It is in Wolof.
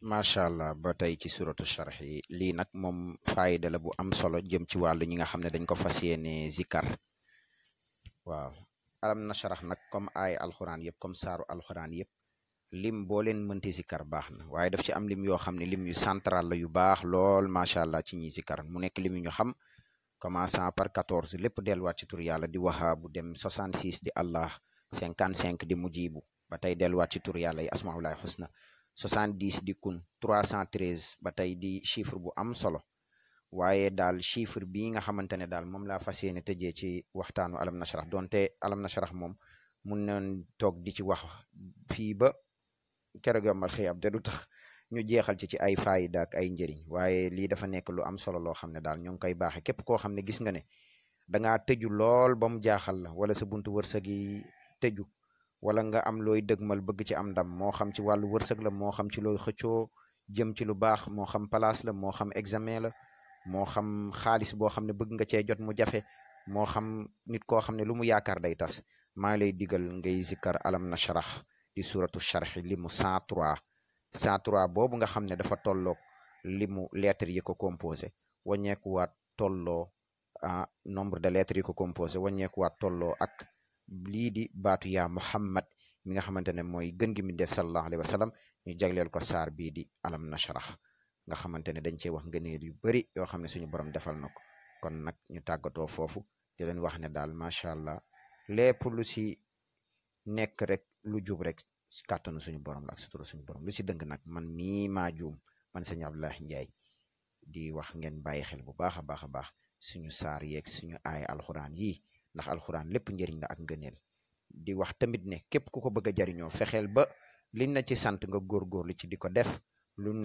macha allah ba tey ci suratu charx yi lii nag moom faayida la bu am solo jëm ci wàllu ñi nga xam ne dañ ko fas yéene zikar waaw alam na sharax nag comme ay alxuraan yëpp comme saaru alxuraan yëpp lim boo leen mënti zikar baax na waaye daf ci am lim yoo xam ne lim yu central yu baax lool macha allah ci ñi zikar mu nekk lim yu ñu xam commençant par 14 lépp delluwaat ci tur yàlla di wahaabu dem 66 di allah 55 di mujibu ba tey delluwaat ci tur yàlla yi asmaulahi xusna 70 di kun 313 ba tey di chiffre bu am solo waaye daal chifre bii nga xamante ne daal moom laa fas yéene tëjee ci waxtaanu alam nashrah donte alam nashrah moom mun nañ toog di ci wax fii ba keroog yombal xiyam te du tax ñu jeexal ci ci ay faayida ak ay njëriñ waaye lii dafa nekk lu am solo loo xam ne daal ñu ngi koy baaxee képp koo xam ne gis nga ne dangaa teju lool ba mu jaaxal la wala sa buntu wërsëg yi tëju wala nga am looy dëgmal bëgg ci am ndam moo xam ci wàllu wërsëg la moo xam ci looy xëccoo jëm ci lu baax moo xam place la moo xam examen la moo xam xaalis boo xam ne bëgg nga cee jot mu jafe moo xam nit koo xam ne lu mu yaakaar day tas maa ngi lay diggal ngay zikkar alam na sharax di suratu sharxi li mu 103 103 boobu nga xam ne dafa tolloog li mu lettres yi ko composé wàññeekuwaat tolloo ah nombre de lettres yi ko composé wàññeekuwaat tolloo ak lii di baatu yaa Muhammad mi nga xamante ne mooy gën gi mi def sallallahu alayhi wa ñu jagleel ko saar bii di alam nashrah nga xamante ne dañ cee wax ngëneel yu bari yoo xam ne suñu borom defal na ko kon nag ñu tàggatoo foofu di leen wax ne daal macha allah lépp lu si nekk rek lu jub rek kàttanu suñu borom la ak suñu borom lu si dëng nag man mii maa juum man sëñ Abdoulaye Ndiaye di wax ngeen bàyyi xel bu baax a baax a baax suñu saar yeeg suñu aaya alxuraan yii ndax alxuraan lépp njëriñ la ak ngëneel di wax tamit ne képp ku ko bëgg a jariñoo fexeel ba liñ na ci sant nga lu ci di ko def luñ